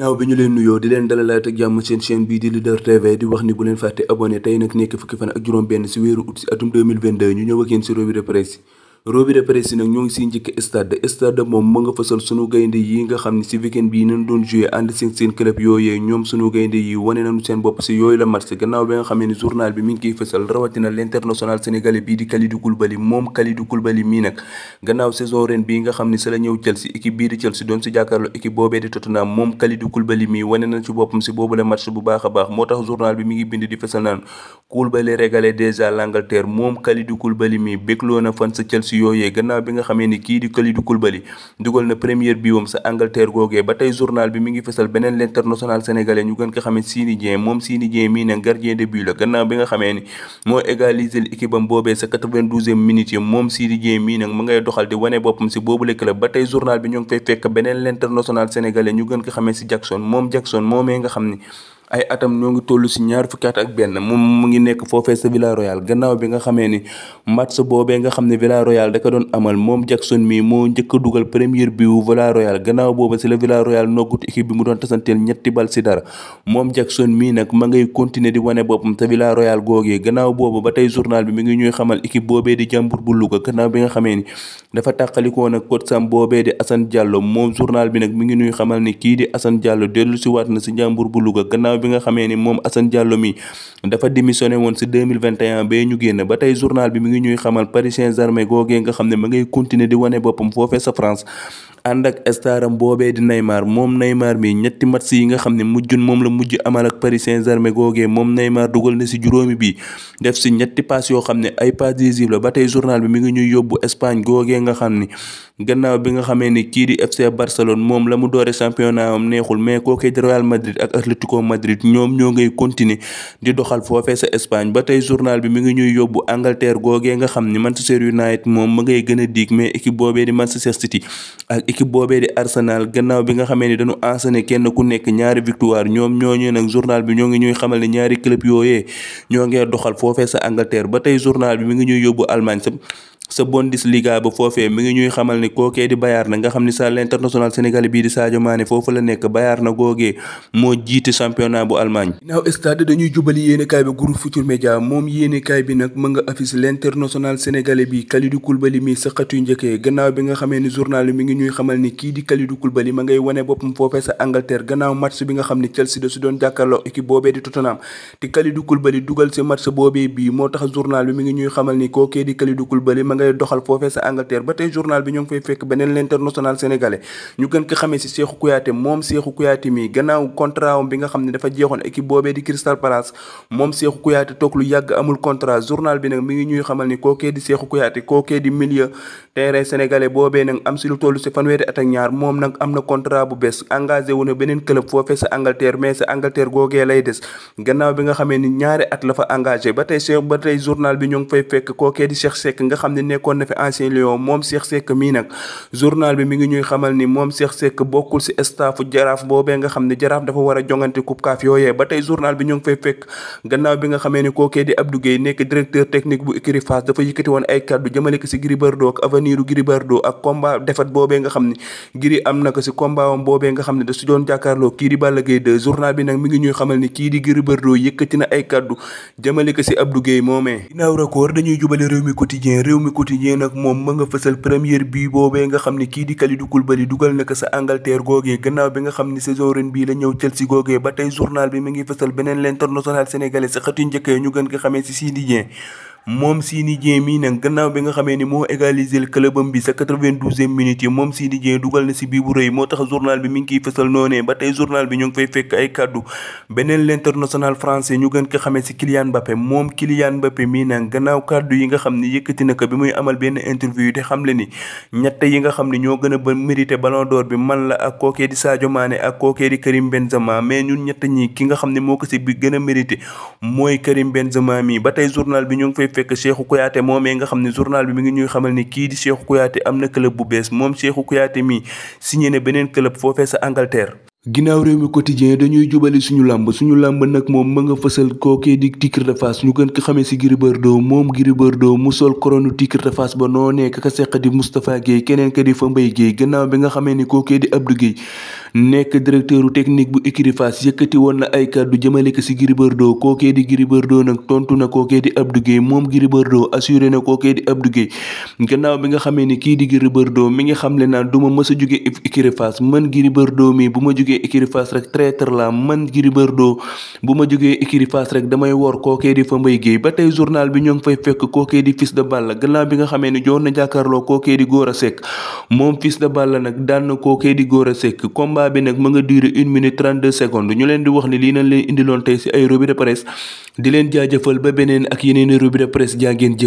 naaw bi ñu leen nuyoo di leen dalalaat jàmm seen chaîne bii di Leader TV di wax ni bu leen fàtte abonné tey nag nekk fukki fan ak juróom benn si weeru ut si atum 2022 ñu ñëw ak yéen si revue de presse revue de nag ñoo ngi siy njëkk stade stade moom mu nga fësal sunu gaynde yi nga xam ne si weekend bii nañ doon joué ànd seen club yooyee ñoom sunu gaynde yi wane nañu seen l' international sénégalais bii di nga xam ne si la ñëw Chelsea équipe bii di Chelsea doon si jàkkaarloo boppam si boobu la match bu baax a baax moo tax journal bi mi ngi bind di fësal naan Koulibaly régalé déjà l'Angleterre moom Kalidou Koulibaly mii bégloo na fan sa Chelsea yooyee gannaaw bi nga xamee ni kii di Kalidou Koulibaly dugal na première biiwam sa Angleterre googee ba tey journal bi mi ngi fesal beneen l'international sénégalais ñu ñu gën ko xamee si Jackson moom Jackson moomee nga xam ni ay atam ñoo ngi toll si ñaar fukki at ak benn moom mu ngi nekk foofee sa Villarreal gannaaw bi nga xamee ni match boobee nga xam ne Villarreal da ko doon amal moom Jackson mii moo njëkk a dugal premier but wu Villarreal gannaaw booba si la Villarreal noggut équipe bi mu doon tasanteel ñetti bal si dara moom Jackson mi nag ma ngay continuer di wane boppam sa Villarreal googee gannaaw booba ba tey journal bi mi ngi ñuy xamal équipe boobee di jàmbur bu Louga gannaaw bi nga xamee ni dafa tàqalikoo nag coach sam boobee di Assane Diallo moom journal bi nag mi ngi ñuy xamal ni kii di Assane dellu si na si jàmbur bu Louga gannaaw bi nga xamee ni moom Assane Diallo mi dafa démissionné woon si 2021 ba ñu génn ba tey journal bi mi ngi ñuy xamal Paris Saint-Germain googee nga xam ne ma ngay continuer di wane boppam foofee sa France ànd ak staram boobee di Neymar moom Neymar mi ñetti match yi nga xam ne mujjun moom la mujj amal ak Paris Saint-Germain googee moom Neymar dugal na si juróomi bi def si ñetti pass yoo xam ne ay pass décisive la ba tey journal bi mi ngi ñuy yóbbu Espagne googee nga xam ni gannaaw bi nga xamee ni kii di FC Barcelone moom la mu doore championnat neexul mais kookee di Real Madrid ak Atlético ñoo ngay continuer di doxal foofee sa ba tey journal bi mi ngi ñuy yóbbu Angleterre googee nga xam ni Manchester United moom ma ngay gën a diig mais équipe boobee di Manchester City ak ki boobee di Arsenal gannaaw bi nga xamee ni dañu enchaîné kenn ku nekk ñaari victoire ñoom ñooñu nag journal bi ñoo ngi ñuy xamal ne ñaari club yooyee ñoo ngee doxal foofee sa Angleterre ba tey journal bi mi ngi ñuy yóbbu Allemagne sa sa Bundesliga ba ngi ñuy xamal ni kookee di Bayern na nga xam ni sa l'international sénégalais bii di Sadio Mané na googee moo jiite championnat bu Allemagne. ginnaaw stade dañuy jubali yéenekaay bi groupe Futurs Médias moom yéenekaay bi nag mu nga affiche l'international sénégalais bi Kalidou Koulibaly mi sa xat njëkkee gannaaw bi nga xamee ni journal bi mi ngi ñuy xamal ni kii di Kalidou Koulibaly ma ngay wane boppam foofee sa Angleterre gannaaw match bi nga xam ni Chelsea da su doon jàkkaarloo équipe boobee di Tottenham te Kalidou Koulibaly dugal si match boobee bii moo tax journal bi mi ngi ñuy xamal ni kookee di ngay doxal foofee sa Angleterre ba tey journal bi ñoo ngi fay fekk beneen l'international sénégalais ñu gën ko xamee si Cheikhou Kouyaté moom Cheikhou Kouyaté toog lu yàgg amul contrat journal bi nag mi ngi ñuy xamal ni kookee di Cheikhou Kouyaté kookee di milieu terrain sénégalais boobee nag am si lu toll si fanweeri at ak ñaar moom nag am na contrat bu bees engagé wu na beneen club foofee sa Angleterre mais sa Angleterre googee lay des gannaaw bi nga xamee ni ba tey ba tey journal bi ñoo ngi fay fekk kookee di Cheikh Seck nga xam ne nekkoon na fi ancien lion moom Cheikh Seck mii nag journal bi mi ngi ñuy xamal ni moom Cheikh Seck bokkul si staffu jaraaf boobee nga xam a ni kookee ko si Gris na ko si combat wam boobee nga ne da su doon jàkkaarloo kii di Balla Gaye 2 journal bi nag mi ngi ñuy xamal ni kii di Gris Bordeaux yëkkati na ay kaddu jëmale ko si Abdou moomee ginnaaw record dañuy jubale réew mi quotidien réew mi quotidien nag moom ma nga fasal première bi boobee nga xam ne kii di Kalidou Koulibaly dugal na ko sa Angleterre googee gannaaw bi nga xam ne saison ren bii la ñëw Chelsea googee ba tey journal bi mi ngi fësal beneen l'international sénégalais sa xëti njëkkee ñu gën ko xamee si Sidi moom Seny Dieng mi nag gannaaw bi nga xamee ni moo égaliser clubam bi sa 92e minute yi moom si Dieng dugal na si bii bu rëy moo tax journal bi mi ngi kiy fësal noonee ba tey journal bi ñu ngi fay fekk ay kàddu beneen l'international français ñu gën ko xamee si Kylian Mbappé moom Kylian Mbappé mi nag gannaaw kàddu yi nga xam ne yëkkati na ko bi muy amal benn interview te xam le ni ñett yi nga xam ne ñoo gën a ba mérité ballon d'or bi man la ak kookee di Sadio Mané ak kookee di Karim Benzema mais ñun ñett ñi ki nga xam ne moo ko si bi gën a mérité mooy Karim Benzema mi ba tey journal bi ñoo ngi fay fekk Cheikhou Kouyaté moomee nga xam ne journal bi mi ngi ñuy xamal ne kii di Cheikhou Kouyaté am na club bu bees moom Cheikhou Kouyaté mi signé na beneen club foofe sa Angleterre. ginnaaw réew mi quotidien dañuy jubale suñu làmb suñu làmb nag moom ma nga fësal kookee di Tigre de Fass ñu gën ko xamee si Gris Bordeaux moom Gris Bordeaux mu sol koronu Tigre de Fass ba noonee ka seq di Moustapha Guèye keneen ka di Fambaye Guèye gannaaw bi nga xamee ni kookee di Abdou nekk directeuru technique bu écurie Fass yëkkati woon na ay kàddu jëmale ko ci Gris Bordeaux kookee di Gris Bordeaux nag tontu na kookee di Abdou ni kii di Gris Bordeaux mi ngi xamle naan du ma mës a jógee écurie Fass man Gris Bordeaux mi bu ma jógee écurie Fass rek traître la man Gris Bordeaux bu ma jógee écurie Fass rek damay wor kookee di fa mbay ba tey journal bi ñoo ngi fay fekk kookee di Fils de Balla gannaaw bi nga xamee ni joon na jàkkaarloo kookee di Gora Seck moom Fils de Balla nag daan na kookee di Gora Seck combat débat bi nag mu nga duré une minute 32 secondes ñu leen di wax ni lii nañ leen indiloon tey ci ay revue de presse di leen jaajëfal ba beneen ak yeneen i revue de presse jaa ngeen jëf